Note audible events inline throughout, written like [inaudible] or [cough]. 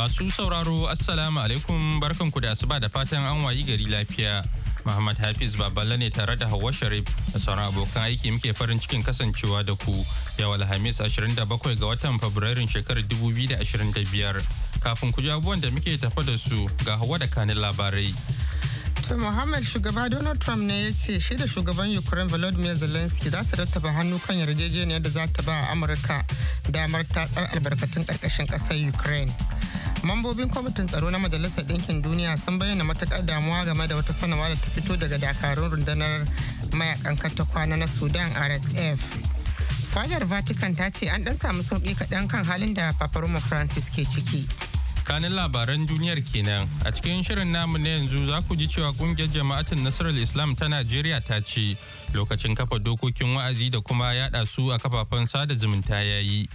Masu sauraro Assalamu alaikum barkanku da asuba da fatan an wayi gari lafiya. Muhammad Hafiz Baballe ne tare da Hauwa Sharif da sauran abokan aiki muke farin cikin kasancewa da ku yau Alhamis 27 ga watan Fabrairun shekarar 2025. Kafin ku ji abubuwan da muke tafa da su ga Hauwa da kanin labarai. To Muhammad shugaba Donald Trump ne ya ce shi da shugaban Ukraine Volodymyr Zelensky za su rattaba hannu kan yarjejeniyar da za ta ba Amurka damar tatsar albarkatun ƙarƙashin ƙasar Ukraine. mambobin kwamitin tsaro na majalisar ɗinkin duniya sun bayyana matuƙar damuwa game da wata sanarwa da ta fito daga dakarun rundunar mayakan kwana na sudan rsf fadar vatican ta ce an ɗan samu sauƙi kaɗan kan halin da paparoma francis ke ciki kanin labaran duniyar kenan a cikin shirin namu na yanzu za ku ji cewa kungiyar jama'atin nasarar islam ta najeriya ta ce lokacin kafa dokokin wa'azi da kuma yada su a kafafen sada zumunta ya yi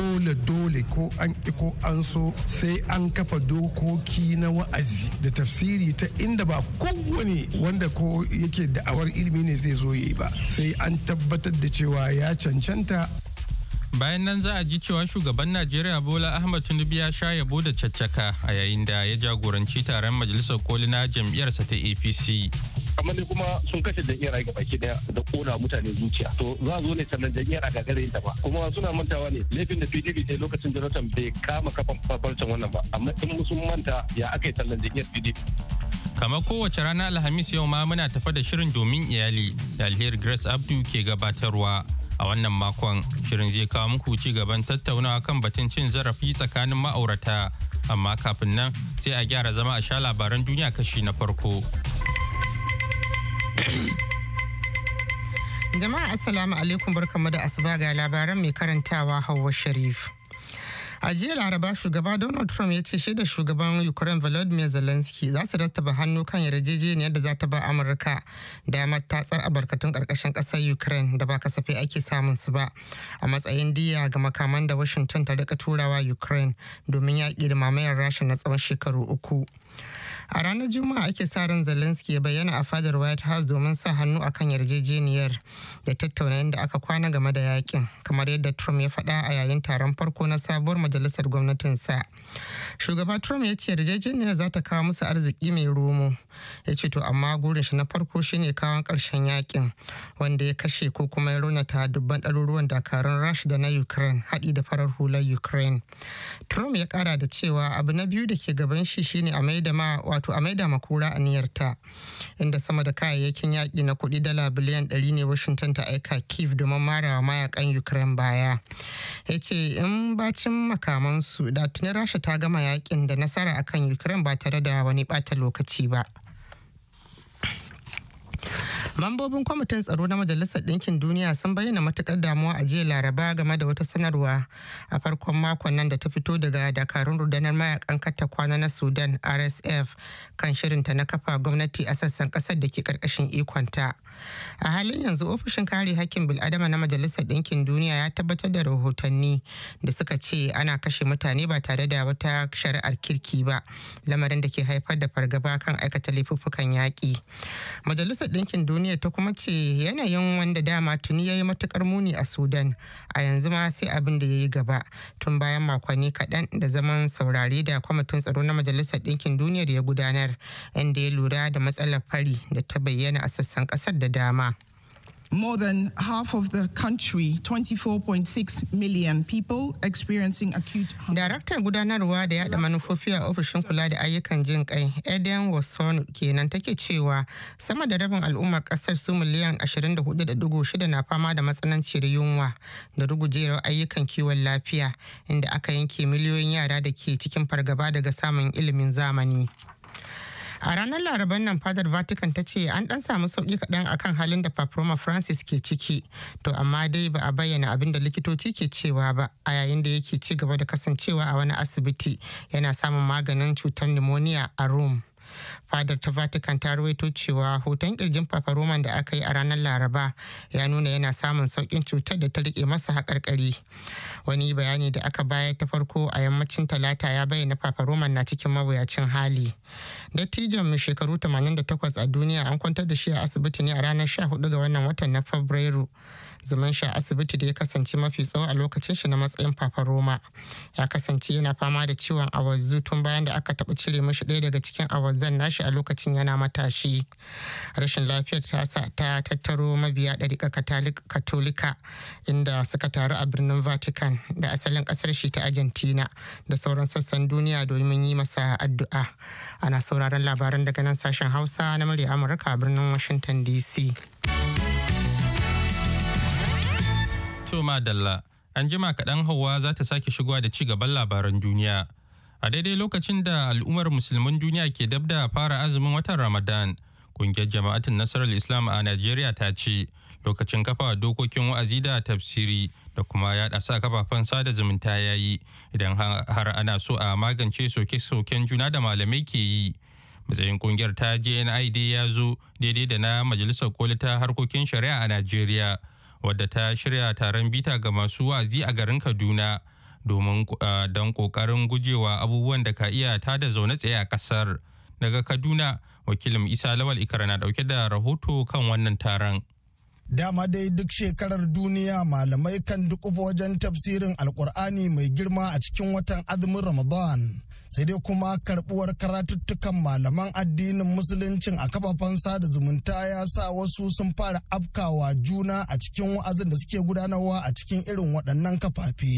dole dole ko an ko an so sai an kafa dokoki na wa'azi da tafsiri ta inda ba kowane wanda ko yake da'awar ilimi ne zai zo yi ba sai an tabbatar da cewa ya cancanta bayan nan za a ji cewa shugaban najeriya bola ahmad tinubu ya sha yabo da caccaka a yayin da ya jagoranci taron majalisar kolina na jam'iyyarsa ta apc amma ne kuma sun kashe iyara ga baki daya da kona mutane zuciya to za a zo ne sannan jam'iyyar a gagare ta ba kuma suna mantawa ne laifin da PDP sai lokacin Jonathan bai kama kafan farfarcin wannan ba amma in sun manta ya aka yi tallan jam'iyyar PDP kamar kowace rana alhamis yau ma muna tafa da shirin domin iyali da alheri grace abdu ke gabatarwa a wannan makon shirin zai kawo muku ci gaban tattaunawa kan batun cin zarafi tsakanin ma'aurata amma kafin nan sai a gyara zama a sha labaran duniya kashi na farko Jama'a Assalamu alaikum barkamu da asuba ga labaran mai karantawa Hauwa Sharif. a jiya laraba shugaba donald trump ya ce shaida shugaban ukraine volodymyr zelensky za su rattaba hannu kan yarjejeniyar da za ta ba amurka damar tatsar albarkatun karkashin kasar ukraine da ba kasafai ake samun su ba a matsayin diya ga makaman da washington ta rika turawa ukraine domin yaƙi da mamayar rasha na tsawon shekaru uku A ranar Juma'a ake sa ran Zelensky ya bayyana a fadar White House domin sa hannu akan yarjejeniyar da tattauna yadda aka kwana game da yakin, kamar yadda Trump ya faɗa a yayin taron farko na sabuwar majalisar gwamnatinsa. Shugaba Trump ya ce yarjejeniyar za ta kawo musu arziki mai romo. Ya ce to amma gurin shi na farko shine kawon ƙarshen yakin wanda ya kashe ko kuma ya raunata dubban ɗaruruwan dakarun Rasha da na Ukraine haɗi da farar hular Ukraine. Trump ya ƙara da cewa abu na biyu da ke gaban shi shine a maida ma wato a maida makura aniyarta inda sama da kayayyakin yaƙi na kuɗi dala biliyan ɗari ne washington ta aika kiev domin marawa mayakan ukraine baya ya ce in bacin makamansu da tuni rasha ta gama yaƙin da nasara akan ukraine ba tare da wani ɓata lokaci ba Mambobin kwamitin tsaro na Majalisar Ɗinkin Duniya sun bayyana matukar damuwa a jiya Laraba game da wata sanarwa a farkon makon nan da ta fito daga dakarun rudanar mayakan katta kwana na Sudan RSF kan shirinta na kafa gwamnati a sassan ƙasar da ke ƙarƙashin ikonta. a halin yanzu ofishin kare hakkin bil'adama na majalisar ɗinkin duniya ya tabbatar da rahotanni da suka ce ana kashe mutane ba tare da wata shari'ar kirki ba lamarin da ke haifar da fargaba kan aikata laifuffukan yaƙi majalisar ɗinkin duniya ta kuma ce yanayin wanda dama tuni ya yi matukar muni a sudan a yanzu ma sai abin da ya yi gaba tun bayan makonni kaɗan da zaman saurari da kwamitin tsaro na majalisar ɗinkin duniya da ya gudanar inda ya lura da matsalar fari da ta bayyana a sassan ƙasar da dama. More than half of the country, 24.6 million people experiencing acute hunger. Daraktan gudanarwa da yada manufofi a ofishin kula da ayyukan jin kai, Eden Wasson kenan take cewa sama da rabin al'ummar kasar su miliyan 24.6 na fama da matsananciyar yunwa da rugujewar ayyukan kiwon lafiya inda aka yanke miliyoyin yara da ke cikin fargaba daga samun ilimin zamani. a ranar laraban nan fadar vatican ta ce an dan samu sauki kaɗan akan halin da paproma francis ke ciki to amma dai ba a bayyana abin da likitoci ke cewa ba a yayin da yake ci gaba da kasancewa a wani asibiti yana samun maganin cutar pneumonia a rome fadar ta vatican ta ruwaito cewa hoton kirjin papa roman da aka yi a ranar laraba ya nuna yana samun saukin cutar da ta rike masa haƙarƙari wani bayani da aka bayar ta farko a yammacin talata ya bayyana papa roman na cikin mawuyacin hali dattijon mai shekaru 88 a duniya an kwantar da shi a asibiti ne a ranar 14 ga wannan watan na fabrairu zaman shi a asibiti da ya kasance mafi tsawo a lokacin shi na matsayin papa roma ya kasance yana fama da ciwon awazu tun bayan da aka taɓa cire mashi ɗaya daga cikin awazan nashi a lokacin yana matashi rashin lafiyar ta sa ta tattaro mabiya ɗariƙa katolika inda suka taru a birnin vatican da asalin ƙasar shi ta argentina da sauran sassan duniya domin yi masa addu'a ana sauraron labaran daga nan sashen hausa na murya amurka a birnin washington dc To madalla, an jima kaɗan hauwa za ta sake shigowa da ci gaban labaran duniya. A daidai lokacin da al'ummar musulmin duniya ke dab da fara azumin watan Ramadan, ƙungiyar jama'atin nasarar Islam a Najeriya ta ce lokacin kafa dokokin wa'azi da tafsiri da kuma yaɗa sa kafafen sada zumunta ya yi idan har ana so a magance soke-soken juna da malamai ke yi. matsayin ƙungiyar ta jnid ya zo daidai da na majalisar koli ta harkokin shari'a a najeriya wadda ta shirya taron bita ga masu wazi a garin kaduna domin don kokarin gujewa abubuwan da ka iya ta da zaune tsaye a kasar daga kaduna wakilin isa lawal ikara na dauke da rahoto kan wannan taron dama dai duk shekarar duniya malamai kan duk wajen tafsirin alkur'ani mai girma a cikin watan azumin ramadan sai dai kuma karbuwar karatuttukan malaman addinin musuluncin a kafafen sada zumunta ya sa wasu sun fara afkawa juna a cikin wa'azin da suke gudanarwa a cikin irin waɗannan kafafe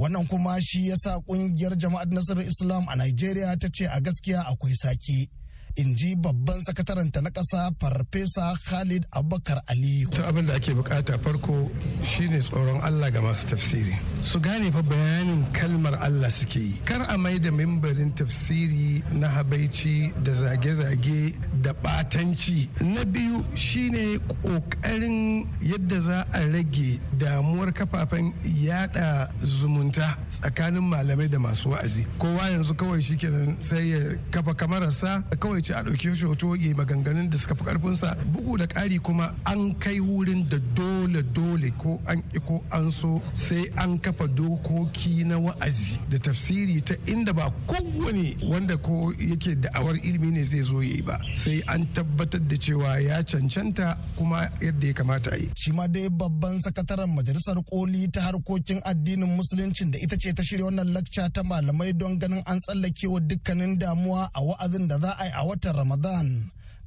wannan kuma shi ya sa ƙungiyar jama'ar nasarar islam a nigeria ta ce a gaskiya akwai sake in ji babban sakataranta na ƙasa farfesa khalid abubakar aliyu ta abin da ake bukata farko shine tsoron allah ga masu tafsiri su gane fa bayanin kalmar allah suke yi kar a mai da mimbarin tafsiri na habaici da zage-zage da batanci na biyu shine kokarin yadda za a rage damuwar kafafen yada zumunta tsakanin malamai da masu wa'azi kowa yanzu kawai shikenan sai ya kafa kamararsa a ɗauke shi hoto ya maganganun da suka fi sa bugu da ƙari kuma an kai wurin da dole dole ko an ko an so sai an kafa dokoki na wa'azi da tafsiri ta inda ba kowane wanda ko yake da'awar ilimi ne zai zo yi ba sai an tabbatar da cewa ya cancanta kuma yadda ya kamata yi shi ma dai babban sakataren majalisar koli ta harkokin addinin musuluncin da ita ce ta shirya wannan lakca ta malamai don ganin an tsallakewa dukkanin damuwa a wa'azin da za a yi a watan Ramadan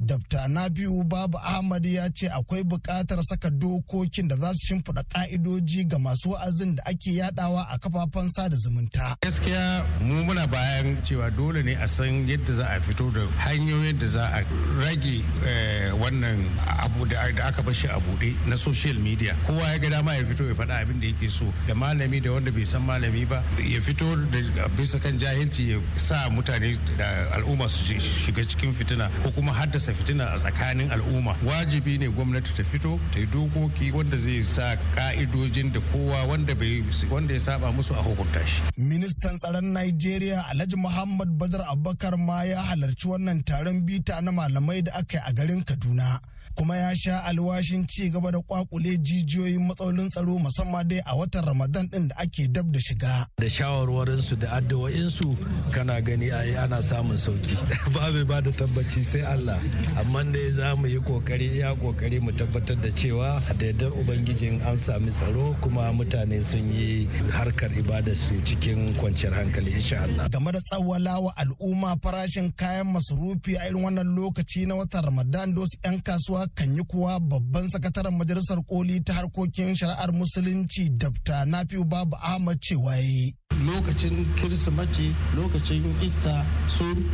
Dabta na Nabiu Babu Ahmad ya ce akwai bukatar saka dokokin da za su shimfiɗa ƙa'idoji ga masu wa'azin da ake yadawa a kafafen sada zumunta. Gaskiya mu muna bayan cewa dole ne a san yadda za a fito da hanyoyin da za a rage eh, wannan abu da aka bashi a buɗe na social media. Kowa ya ga dama ya fito ya faɗa abin da yake so da malami da wanda bai san malami ba ya fito da bisa kan jahilci ya sa mutane da al'umma su shiga cikin fitina ko kuma haddasa fitina a tsakanin al'umma wajibi ne gwamnati ta fito ta yi dokoki wanda zai sa ka'idojin da kowa wanda bai wanda ya saba musu a hukunta shi ministan tsaron Najeriya Alhaji Muhammad Badar Abubakar ma ya halarci wannan taron bita na malamai da aka yi a garin Kaduna kuma ya sha alwashin ci gaba da kwakule jijiyoyin matsalolin tsaro musamman dai a watan ramadan din da ake dab da shiga da shawarwarinsu da addu'o'insu kana gani a ana samun sauki [laughs] ba mai ba tabbaci sai allah amma dai za mu yi kokari ya kokari mu tabbatar da cewa da yardar ubangijin an sami tsaro kuma mutane sun yi harkar ibada su cikin kwanciyar hankali insha allah game da tsawalawa al'umma farashin kayan masarufi a irin wannan lokaci na watan ramadan da 'yan kasuwa kan yi kuwa babban sakataren majalisar koli ta harkokin shari'ar musulunci Dafta Nafi'u Babu Ahmad cewa yi lokacin kirsimati lokacin ista sun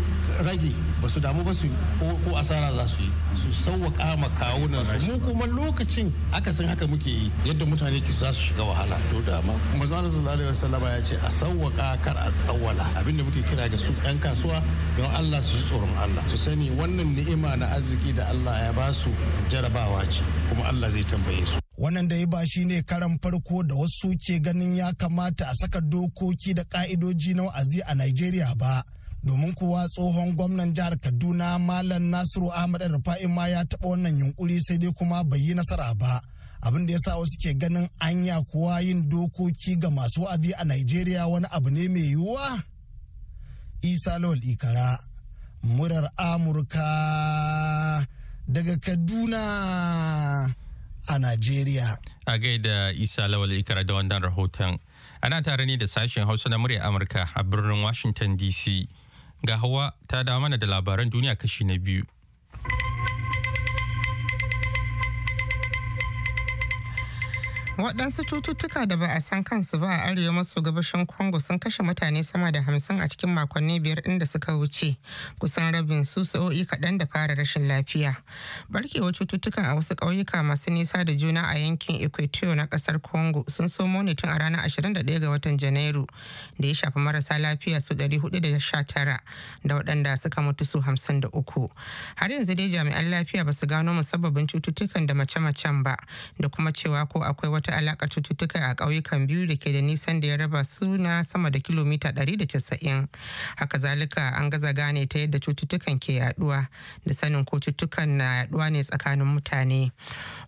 rage ba su damu ba su ko asara za su yi su sauwaka ma kawunan su mu kuma lokacin akasin haka muke yi yadda mutane ki za su shiga wahala to da ma manzo sallallahu alaihi wasallam ya ce a sauwaka kar a tsawwala abinda muke kira ga su yan kasuwa don Allah su ji tsoron Allah su sani wannan ni'ima na arziki da Allah ya ba su jarabawa ce kuma Allah zai tambaye su wannan da ya ba shi ne karan farko da wasu ke ganin ya kamata a saka dokoki da ka'idoji na wa'azi a Najeriya ba. domin kuwa tsohon gwamnan jihar kaduna malam nasiru ahmad rufa'i ma ya taɓa wannan yunkuri sai dai kuma bai yi nasara ba abin da ya sa wasu ke ganin anya kuwa yin dokoki ga masu wa'azi a najeriya wani abu ne mai yiwuwa isa lawal ikara murar amurka daga kaduna a Najeriya. A gaida Isa Lawal Ikara da wannan rahoton. Ana tare ne da sashen Hausa na murya Amurka a birnin Washington DC. Ga hawa ta da mana da labaran duniya kashi na biyu. waɗansu cututtuka da ba a san kansu ba a arewa maso gabashin congo sun kashe mutane sama da hamsin a cikin makonni biyar inda suka wuce kusan rabin su sa'o'i kaɗan da fara rashin lafiya barkewar cututtukan a wasu ƙauyuka masu nisa da juna a yankin equatorial na ƙasar congo sun somo ne tun a ranar 21 ga watan janairu da ya shafi marasa lafiya su 419 da waɗanda suka mutu su 53 har yanzu dai jami'an lafiya ba su gano musabbabin cututtukan da mace-macen ba da kuma cewa ko akwai wata ta alakar cututtuka a ƙauyukan biyu da ke da nisan da ya raba su na sama da kilomita 190 haka zalika an gaza gane ta yadda cututtukan ke yaduwa da sanin ko cututtukan na yaduwa ne tsakanin mutane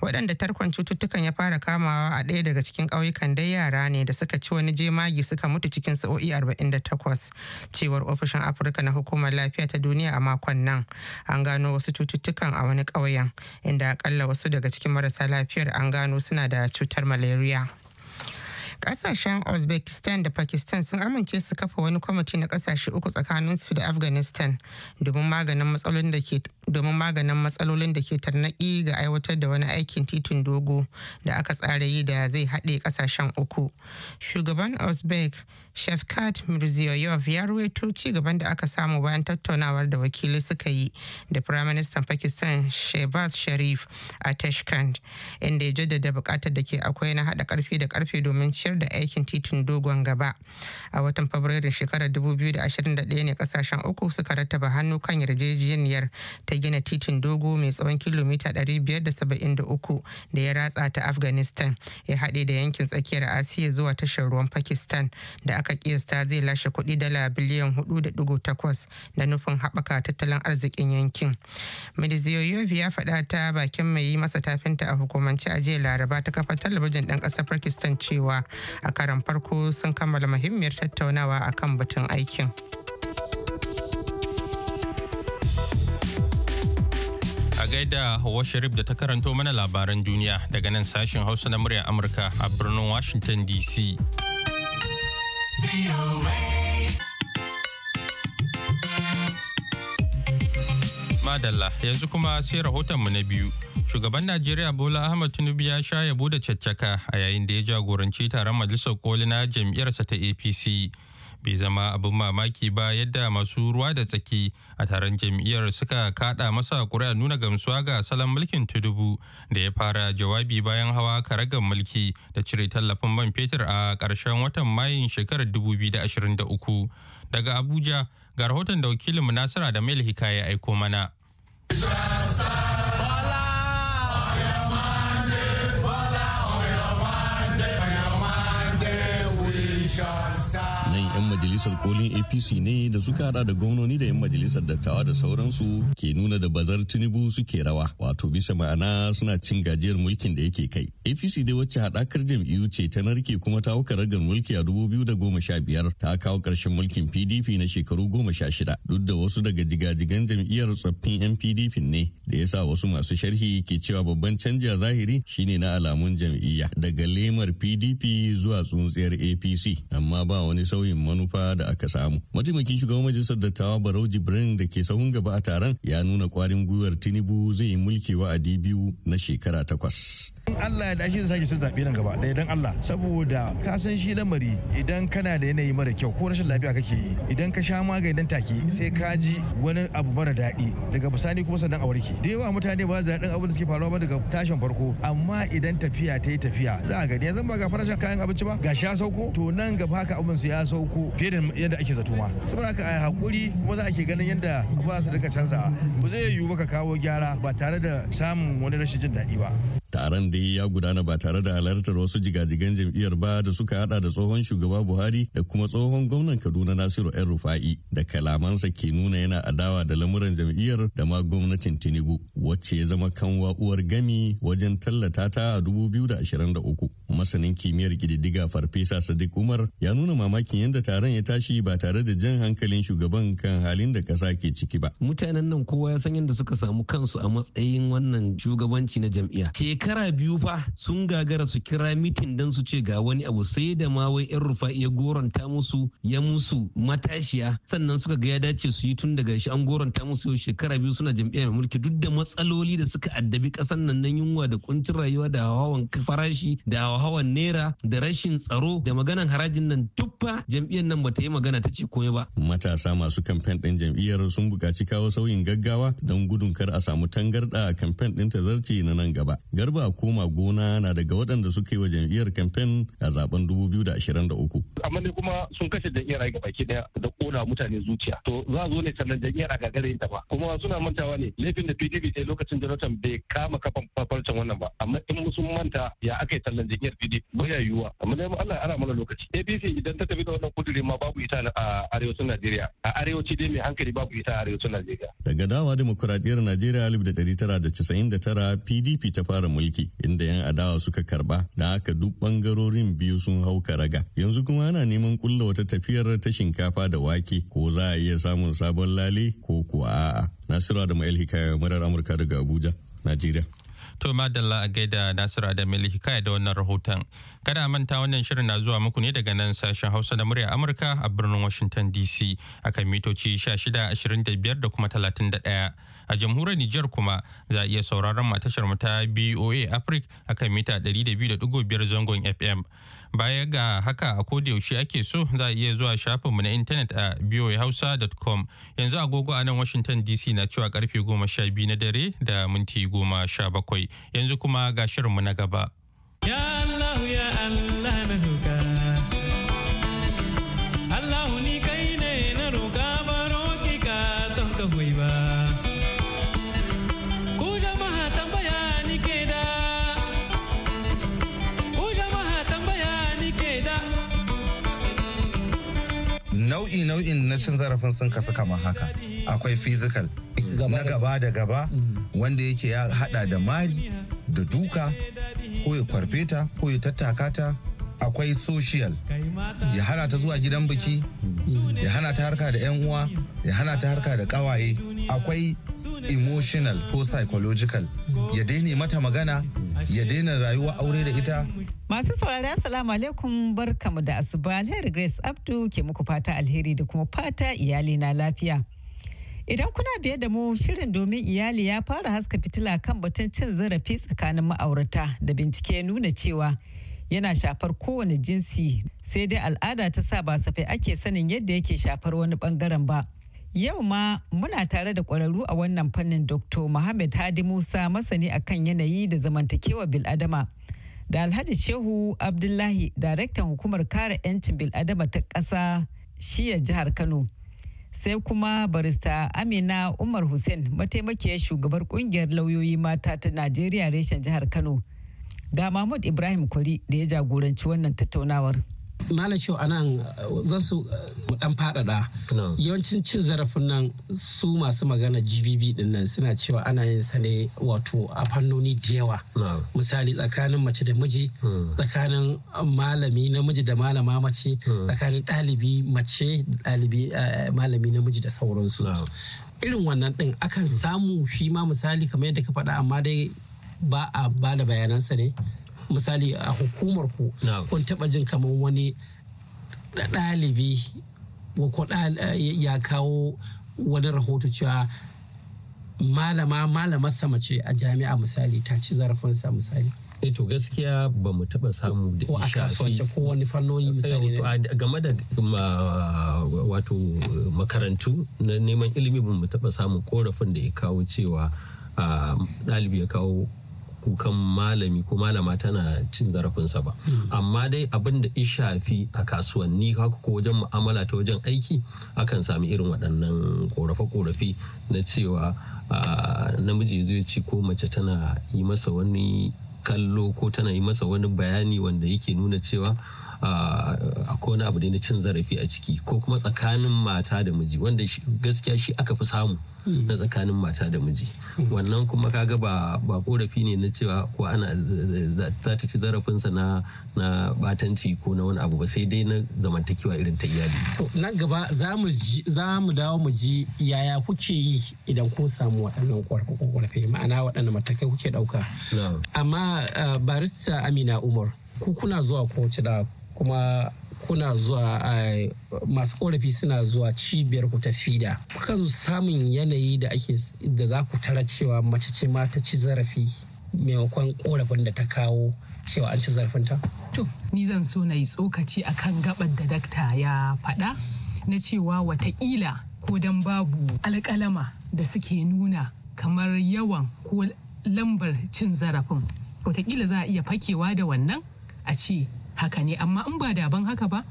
waɗanda tarkon cututtukan ya fara kamawa a ɗaya daga cikin ƙauyukan dai yara ne da suka ci wani jemagi suka mutu cikin sa'o'i 48 cewar ofishin afirka na hukumar lafiya ta duniya a makon nan an gano wasu cututtukan a wani ƙauyen inda akalla wasu daga cikin marasa lafiyar an gano suna da cutar malaria kasashen uzbekistan da pakistan sun amince su kafa wani kwamiti na kasashe uku tsakanin su da afghanistan domin maganin matsalolin da ke tarnaki ga aiwatar da wani aikin titin dogo da aka tsara yi da zai haɗe kasashen uku shugaban uzbek shafkat Mirziyoyev ya ruwaito ci gaban da aka samu bayan tattaunawar da wakili suka yi da Firaministan Pakistan Shehbaz Sharif a Tashkent inda ya jaddada bukatar da ke akwai na haɗa karfi da karfe domin ciyar da aikin titin dogon gaba. A watan Fabrairun shekarar 2021 ne kasashen uku suka rattaba hannu kan yarjejeniyar ta gina titin dogo mai tsawon kilomita 573 da ya ratsa ta Afghanistan ya haɗe da yankin tsakiyar Asiya zuwa tashar ruwan Pakistan da aka kiyasta zai lashe kuɗi dala biliyan 4.8 da nufin haɓaka tattalin arzikin yankin. Mediziyoyovi ya faɗa ta bakin mai yi masa tafinta a hukumance a jiya laraba ta kafa talabijin ɗan ƙasar Pakistan cewa a karan farko sun kammala muhimmiyar tattaunawa a kan batun aikin. a gaida Hawa Sharif da ta karanto mana labaran duniya daga nan sashin Hausa na murya Amurka a birnin Washington DC. Madalla yanzu kuma sai rahotonmu na biyu. Shugaban Najeriya Bola Ahmad Tinubu ya sha yabo da caccaka a yayin da ya jagoranci taron majalisar koli na jam'iyyarsa ta APC. bai zama abin mamaki ba yadda masu ruwa da tsaki a taron jam'iyyar suka kada masa kuri'a nuna gamsuwa ga salon mulkin tudubu da ya fara jawabi bayan hawa karagar mulki da cire tallafin man fetur a ƙarshen watan mayun shekarar 2023 daga abuja ga rahoton da wakilin munasara da mail hikaya aiko mana. majalisar kolin apc ne da suka hada da gwamnoni da 'yan majalisar dattawa da sauransu ke nuna da bazar tinubu suke rawa wato bisa ma'ana suna cin gajiyar mulkin da yake kai apc dai wacce hadakar jam'iyyu ce ta narke kuma ta hauka ragar mulki a biyar ta kawo karshen mulkin pdp na shekaru goma sha shida duk da wasu daga jigajigan jam'iyyar tsoffin 'yan pdp ne da yasa wasu masu sharhi ke cewa babban canji a zahiri shine na alamun jam'iyya daga lemar pdp zuwa tsuntsiyar apc amma ba wani sauyin manufa manufa da aka samu. Mataimakin shugaban majalisar dattawa Barau Jibrin da ke sahun gaba a taron ya nuna kwarin gwiwar Tinubu zai yi mulki wa'adi biyu na shekara takwas. Allah ya dashi da sake sun zaɓe nan gaba ɗaya don Allah saboda ka san shi lamari idan kana da yanayi mara kyau ko rashin lafiya kake yi idan ka sha magani dan take sai ka ji wani abu mara daɗi daga bisani kuma sannan a warke da yawa mutane ba za daɗin abin da suke faruwa ba daga tashin farko amma idan tafiya ta yi tafiya za a gani yanzu ba ga farashin kayan abinci ba ga sha sauko to nan gaba haka abin su ya sauko fiye da yadda ake zato ma saboda haka a hakuri kuma za a ke ganin yadda ba su rika canzawa ba zai yiwu ba ka kawo gyara ba tare da samun wani rashin jin daɗi ba taron da ya gudana ba tare da halartar wasu jigajigan jam'iyyar ba da suka hada da tsohon shugaba buhari da kuma tsohon gwamnan kaduna nasiru yan rufa'i da kalamansa ke nuna yana adawa da lamuran jam'iyyar da ma gwamnatin tinubu wacce ya zama kanwa uwar gami wajen tallata ta a uku. masanin kimiyyar gididdiga farfesa sadiq umar ya nuna mamakin yadda taron ya tashi ba tare da jan hankalin shugaban kan halin da kasa ke ciki ba mutanen nan kowa ya san yadda suka samu kansu a matsayin wannan shugabanci na jam'iyya shekara biyu fa sun gagara su kira mitin dan su ce ga wani abu sai da ma wai yan rufa ya goranta musu ya musu matashiya sannan suka ga ya dace su yi tun daga shi an goranta musu yau shekara biyu suna jam'iyyar mulki duk da matsaloli da suka addabi kasan nan na yunwa da kuncin rayuwa da hawan farashi da hawa hawan nera da rashin tsaro da maganan harajin nan duffa jam'iyyar nan bata yi magana ta ce komai ba. Matasa masu kamfen ɗin jam'iyyar sun buƙaci kawo sauyin gaggawa don gudun kar a samu tangarɗa a kamfen ɗin tazarci na nan gaba. Garba koma gona na daga waɗanda suka yi wa jam'iyyar kamfen a zaben 2023. Amma ne kuma sun kashe jam'iyyar ga baki ɗaya da ƙona mutane zuciya. To za zo ne sannan jam'iyyar a gagare ta ba. Kuma suna mantawa ne laifin da PDP ta lokacin Jonathan bai kama kafan farfarcen wannan ba. Amma in sun manta ya aka yi sallan jam'iyyar ba ya yiwuwa amma dai Allah ara mana lokaci APC idan ta tafi da wannan kudiri ma babu ita a arewacin Najeriya a arewaci dai mai hankali babu ita a arewacin Najeriya daga dawa demokradiyyar Najeriya 1999 PDP ta fara mulki inda yan adawa suka karba da haka duk bangarorin biyu sun hau karaga yanzu kuma ana neman kulla wata tafiyar ta shinkafa da wake ko za a iya samun sabon lale ko kuwa a'a Nasiru Adamu El Hikaya murar Amurka daga Abuja Najeriya To Madalla a gaida Nasiru Adamili hikaya da wannan rahoton. Kada a manta wannan shirin na zuwa muku ne daga nan sashen Hausa da murya Amurka a birnin Washington DC akan mitoci 25 da kuma 31. a jamhuriyar Nijar kuma za a iya sauraron matashar mu ta BOA Africa akan mita 200.5 zangon FM. Baya ga haka a yaushe ake so za a iya zuwa shafin mu na intanet a boahausa.com yanzu agogo a nan Washington DC na cewa karfe 12 na dare da minti 17 yanzu kuma ga shirinmu na gaba. Yeah! nau'in na cin zarafin sun kasu kamar haka akwai physical na gaba da gaba mm. wanda yake ya hada da mari da duka ko ya kwarfe ko ya tattakata akwai social ya hana ta zuwa gidan biki ya hana ta harka da 'yan uwa ya hana ta harka da kawaye akwai emotional ko psychological ya daina mata magana ya daina rayuwa aure da ita masu saurari assalamu alaikum barkamu da asuba alheri grace abdu ke muku fata alheri da kuma fata iyali na lafiya Idan kuna biye da mu shirin domin iyali ya fara haska fitila kan batun cin zarafi tsakanin ma'aurata da bincike nuna cewa yana shafar kowane jinsi sai dai al'ada ta sa ba safai ake sanin yadda yake shafar wani bangaren ba. Yau ma muna tare da ƙwararru a wannan fannin Dr. Muhammad Hadi Musa masani akan yanayi da zamantakewa bil'adama. Da Alhaji Shehu Abdullahi, daraktan hukumar kare 'yancin bil'adama ta ƙasa shiya jihar Kano. Sai kuma barista Amina Umar Hussein mataimakiyar shugabar ƙungiyar lauyoyi mata ta Najeriya reshen jihar Kano. Ga Mahmud Ibrahim Kwari da ya jagoranci wannan tattaunawar. malam shau a nan zan su dan faɗaɗa yawancin cin zarafin nan su masu magana gbb din nan suna cewa ana yin sa ne wato a fannoni da yawa misali tsakanin mace da miji hmm. tsakanin malami namiji da malama mace hmm. tsakanin ɗalibi mace ɗalibi eh, malami namiji da sauransu irin wannan ɗin akan samu shi ma misali kamar yadda ka faɗa amma dai ba a ba da bayanansa ne misali a hukumar ku kun taba jin kamar wani ɗalibi ko ya kawo wani rahoto cewa malama malamar sama ce a jami'a misali ta ci zarafinsa misali eh to gaskiya ba mu taɓa samu da ko a kasuwanci ko wani fannoni eh, misali game da wato makarantu na neman ilimi ba mu taɓa samun korafin da ya kawo cewa ah, ɗalibi ya kawo kukan malami ko malama tana cin zarafinsa ba hmm. amma dai abin da ya shafi a kasuwanni haka ko wajen mu'amala ta wajen aiki akan sami irin waɗannan korafe-korafe na cewa namiji zai ci ko mace tana yi masa wani kallo ko tana yi masa wani bayani wanda yake nuna cewa a wani abu na cin zarafi a ciki ko kuma tsakanin mata da miji wanda gaskiya shi aka fi samu hmm. na tsakanin mata da miji wannan kuma kaga ba ba korafi ne na cewa ko ana za ta ci zarafinsa na na batanci ko na wani abu ba sai dai na zamantakewa irin ta iyali to nan gaba za mu dawo mu ji yaya kuke yi idan kun samu waɗannan korafe ma'ana waɗannan matakai kuke ɗauka amma eh, barista amina umar ku kuna zuwa kowace da kuma kuna zuwa eh, masu korafi suna zuwa cibiyar ku ta fida kan samun yanayi da ake da za ku tara cewa mace ce ma ta ci zarafi maimakon korafin da ta kawo cewa an ci zarafin ta. To, ni zan so na yi tsokaci akan gabar da dakta ya faɗa na cewa watakila ko dan babu alƙalama da suke nuna kamar yawan ko lambar cin zarafin. Watakila za a iya fakewa da wannan a ce haka ne amma in ba da daban haka ba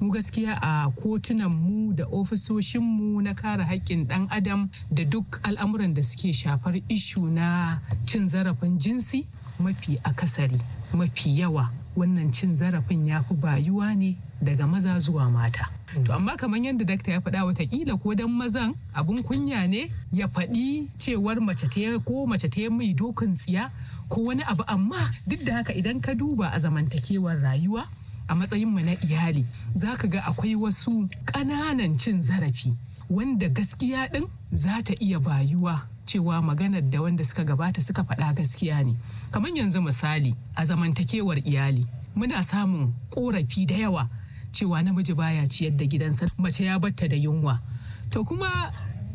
mu gaskiya a kotunan mu da ofisoshin mu na kare haƙƙin ɗan adam da duk al'amuran da suke shafar ishu na cin zarafin jinsi mafi akasari mafi yawa wannan cin zarafin ya fi bayuwa ne daga maza zuwa mata. To hmm. amma kamar yadda dakta ya faɗa watakila ko dan mazan abin kunya ne ya faɗi cewar mace ta ko mace ta mai dokin tsiya ko wani abu amma duk da haka idan ka duba a zamantakewar rayuwa a matsayin mu na iyali za ka ga akwai wasu ƙananan cin zarafi wanda gaskiya ɗin za ta iya bayuwa cewa maganar da wanda suka gabata suka faɗa gaskiya ne kamar yanzu misali a zamantakewar iyali muna samun korafi da yawa cewa namiji baya ciyar da gidansa mace ya batta da yunwa to kuma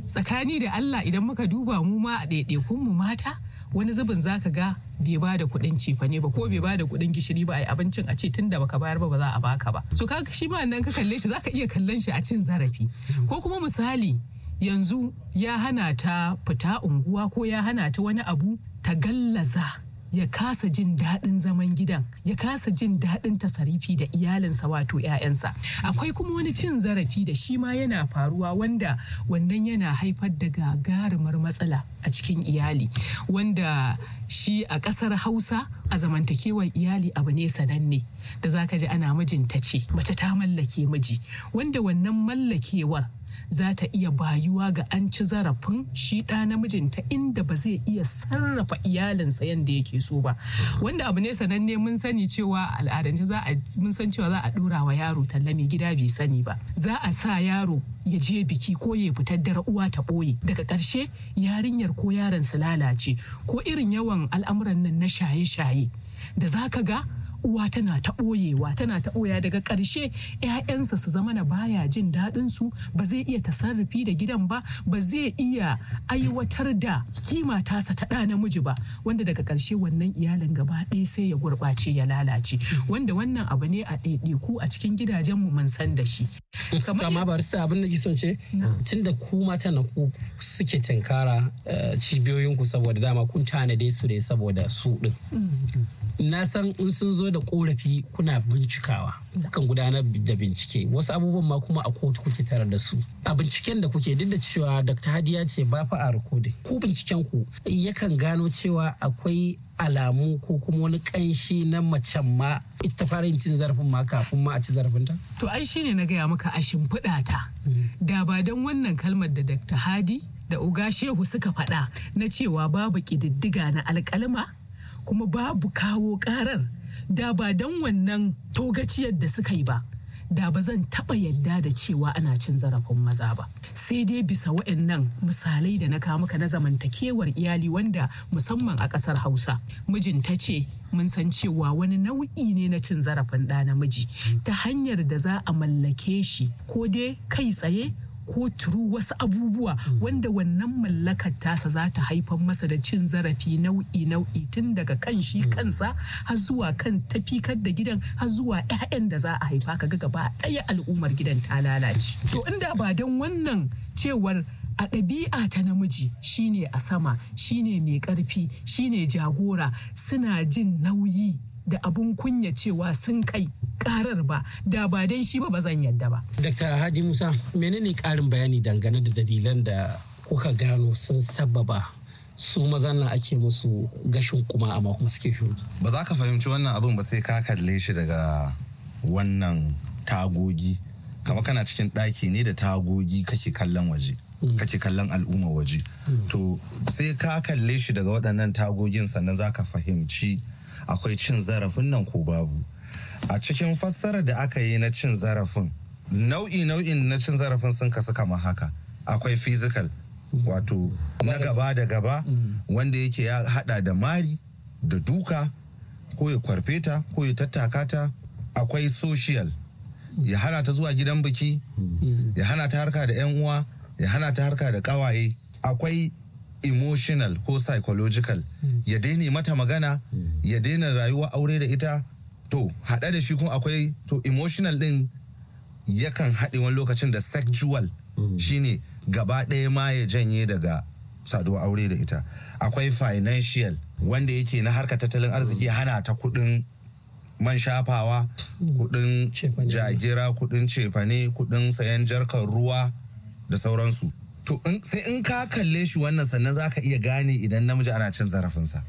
tsakani da allah idan muka duba mu ma a mu mata wani zubin zaka ga bai ba da kuɗin cefa ne ba ko bai ba da kuɗin gishiri ba a abincin a ce tunda baka bayar ba ba za a baka ba to kaga shi ma nan ka kalle shi zaka iya kallon shi a cin zarafi ko kuma misali yanzu ya hana ta fita unguwa ko ya hana ta wani abu ta gallaza ya kasa jin daɗin zaman gidan ya kasa jin daɗin tasarifi da iyalinsa wato 'ya'yansa akwai kuma wani cin zarafi da shi ma yana faruwa wanda wannan yana haifar da gagarumar matsala a cikin iyali wanda shi a ƙasar hausa a zamantakewar iyali abu ne sananne da zaka ji ana mijinta ce mace ta mallake miji wanda wannan mallakewar za ta iya bayuwa ga an ci zarafin shi ɗa namijinta inda ba zai iya sarrafa iyalinsa yadda yake so ba wanda abu ne sananne mun sani cewa al'adance za a mun san cewa za a ɗora wa yaro talla mai gida bai sani ba za a sa yaro ya je biki ko ya fitar dare uwa ta ɓoye daga ƙarshe yarinyar ko yaron su lalace ko irin yawan al'amuran nan na shaye-shaye da za ka ga uwa tana ta ɓoyewa tana ta ɓoya daga ƙarshe 'ya'yansa su zama na baya jin daɗin su ba zai iya tasarrufi da gidan ba ba zai iya aiwatar da kima tasa ta ɗa namiji ba wanda daga ƙarshe wannan iyalin gaba ɗaya sai ya gurɓace ya lalace wanda wannan abu ne a ɗaiɗaiku a cikin gidajen mu mun san da shi kama ba sa abin da son ce tunda ku mata na ku suke tankara eh, cibiyoyin saboda dama kun tanade su ne saboda su ɗin mm. na san in sun zo da da korafi kuna bincikawa kan gudanar da bincike wasu abubuwan ma kuma a kotu kuke tare da su a binciken da kuke duk da cewa dr hadiya ce ba fa a rikodin ku binciken ku yakan gano cewa akwai alamu ko kuma wani kanshi na macen ma ita fara cin zarafin ma kafin ma a ci zarafinta? To ai shine na gaya maka a shimfiɗa ta. Mm. Da ba don wannan kalmar da Dr. Hadi da Uga Shehu suka faɗa na cewa babu ƙididdiga na alƙalma kuma babu kawo ƙarar da ba don wannan togaciyar da suka yi ba da ba zan taɓa yadda da cewa ana cin zarafin maza ba sai dai bisa wa'annan misalai da na kama na zamantakewar iyali wanda musamman a ƙasar hausa mijin ta ce mun san cewa wani nau'i ne na cin zarafin ɗa namiji ta hanyar da za a mallake shi ko dai kai tsaye ko turu wasu abubuwa mm. wanda wannan mallakar tasa za ta haifar masa da cin zarafi nau'i nau'i tun daga kan shi mm. kansa har zuwa kan tafikar da gidan har zuwa 'ya'yan da za a haifa ka ga gaba ɗaya al'ummar gidan ta lalace to inda ba don wannan cewar a ɗabi'a ta namiji shine a sama shine mai ƙarfi shine jagora suna jin nauyi da abun kunya cewa sun kai karar ba da ba don shi ba ba zan yadda ba Dr. Haji Musa menene karin bayani dangane da dalilan da kuka gano sun sababa su mazan nan ake musu gashin kuma amma kuma suke shuru. ba za ka fahimci wannan abin ba sai ka kalle shi daga wannan tagogi kama kana cikin ɗaki ne da tagogi kake kallon waje hmm. kake kallon al'umma waje hmm. to sai ka kalle shi daga waɗannan tagogin sannan za ka fahimci akwai cin zarafin nan ko babu a cikin fassarar da aka yi na cin zarafin nau'i nau'in na cin zarafin sun kasu kamar haka akwai physical wato na gaba da gaba wanda yake ya hada da mari da duka ko ya kwarfe ta ko ya tattaka ta akwai social ya hana ta zuwa gidan biki ya hana ta harka da 'yan uwa ya hana ta harka da kawaye akwai emotional ko psychological ya daina mata magana ya daina rayuwa aure da ita to haɗe da shi kuma akwai to emotional ɗin yakan haɗe wani lokacin da sexual mm. shine gaba ɗaya ma ya janye daga saduwa aure da ita akwai financial wanda yake na harka tattalin arziki mm. hana ta kuɗin man shafawa mm. kuɗin jagira kuɗin cefane kuɗin sayan jarkar ruwa da sauransu to sai in ka kalle shi wannan sannan za ka iya gane idan namiji ana cin zarafinsa.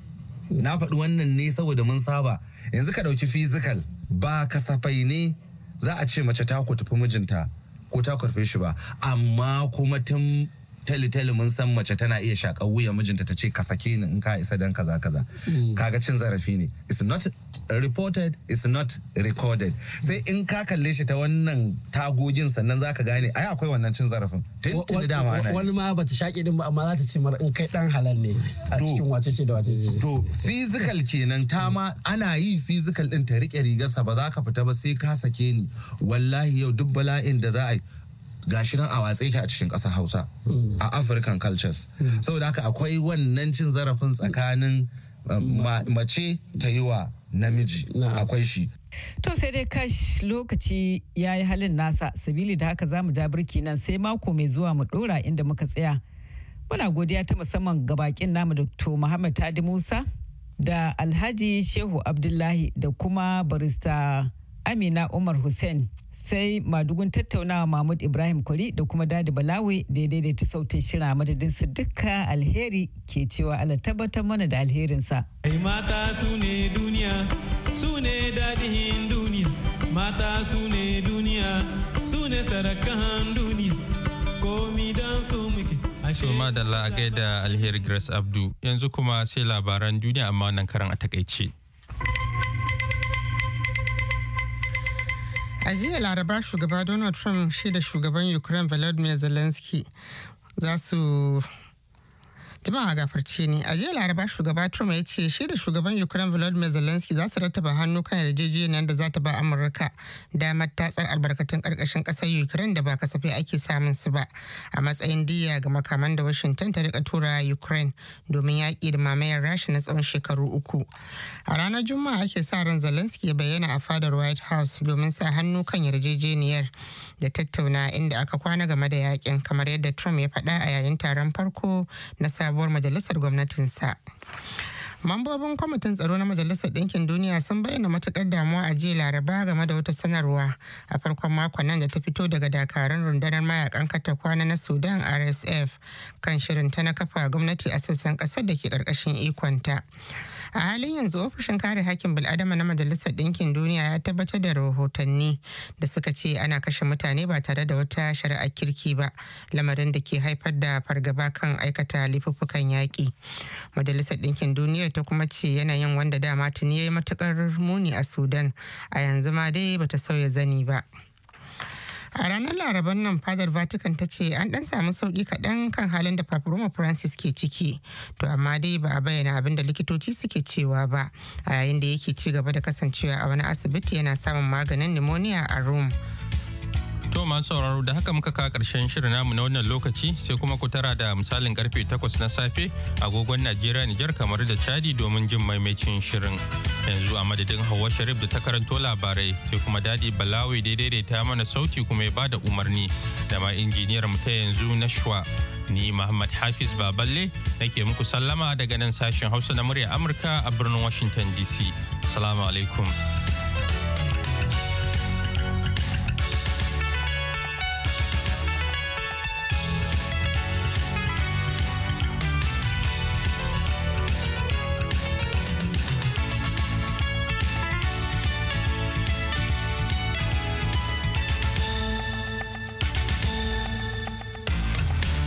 na faɗi wannan ne saboda mun saba yanzu ka ɗauki physical ba kasafai ne za a ce mace ta ku tafi mijinta ko ta karfe shi ba amma kuma tun tali-tali mun san mace tana iya shakar wuya mijinta ta ce ka sake ni in ka isa dan kaza kaza mm. kaga cin zarafi ne it's not reported it's not recorded sai in ka kalle shi ta wannan tagogin sannan zaka gane ai akwai wannan cin zarafin tun dama ana wani ma bata shaƙe din ba amma za ta ce mara in kai dan halal ne a cikin wace ce da wace ce to physical kenan ta ma ana yi physical din ta rike rigarsa ba za ka fita ba sai ka sake ni wallahi yau duk bala'in da za a yi gashi nan a watse yake a cikin ƙasar hausa hmm. a african cultures hmm. saboda haka akwai wannan cin zarafin tsakanin um, mace ta yi wa namiji akwai shi To sai dai kash lokaci ya yi halin nasa sabili da haka za mu ja birki nan sai mako mai zuwa mu ɗora inda muka tsaya. Muna godiya ta musamman ga bakin namu Dr. Muhammad Tadi Musa da Alhaji Shehu Abdullahi da kuma barista Amina Umar Hussein sai madugun tattaunawa mahmud ibrahim kwari da kuma dadi balawe da ya daidaita sautin shira madadin su duka alheri ke cewa ala tabbatar mana da alherinsa mata su ne duniya su ne dadihin duniya mata su ne duniya su ne sarakan duniya komi don su muke madalla a gaida alheri Grace Abdu yanzu kuma sai labaran duniya amma nan karan a takaice. a jiya laraba shugaba donald trump shi da shugaban ukraine volodymyr zelensky za su jama'a gafarce ne a jiya laraba shugaba trump ya ce shi da shugaban ukraine volodymyr zelensky za su rattaba hannu kan yarjejeniyar da za ta ba amurka damar tatsar albarkatun karkashin kasar ukraine da ba kasafai ake samun su ba a matsayin diya ga makaman da washington ta rika tura ukraine domin yaƙi da mamayar rasha na tsawon shekaru uku a ranar juma'a ake sa ran zelensky ya bayyana a fadar white house domin sa hannu kan yarjejeniyar da tattauna inda aka kwana game da yakin kamar yadda trump ya faɗa a yayin taron farko na sabon sabuwar majalisar gwamnatinsa. Mambobin kwamitin tsaro na Majalisar Ɗinkin Duniya sun bayyana matuƙar damuwa a jiya Laraba game da wata sanarwa a farkon makon nan da ta fito daga dakarun rundunar mayakan katakwana na Sudan RSF kan shirin ta na kafa gwamnati a sassan ƙasar da ke ƙarƙashin ikonta. a halin yanzu ofishin kare hakkin bil'adama na majalisar ɗinkin duniya ya tabbatar da rahotanni da suka ce ana kashe mutane ba tare da wata shari'a kirki ba lamarin da ke haifar da fargaba kan aikata laifukan yaƙi majalisar ɗinkin duniya ta kuma ce yanayin wanda dama tuni ya yi matuƙar muni a sudan a yanzu ma dai bata sauya zani ba. a ranar laraban nan fadar vatican ta ce an dan samu sauki kaɗan kan halin da paparoma francis ke ciki to amma dai ba a bayyana abin da likitoci suke cewa ba a yayin da yake ci gaba da kasancewa a wani asibiti yana samun maganin pneumonia a rome To masu sauraro da haka muka kawo karshen shirin namu na wannan lokaci sai kuma ku tara da misalin karfe 8 na safe agogon Najeriya Nijar kamar da Chadi domin jin maimacin shirin. Yanzu a madadin Hauwa Sharif da ta karanto labarai sai kuma Dadi Balawi daidai ta mana sauti kuma ya bada umarni da ma injiniyar mu ta yanzu na Shwa. Ni Muhammad Hafiz Baballe nake muku sallama daga nan sashen Hausa na murya Amurka a birnin Washington DC. Assalamu alaikum.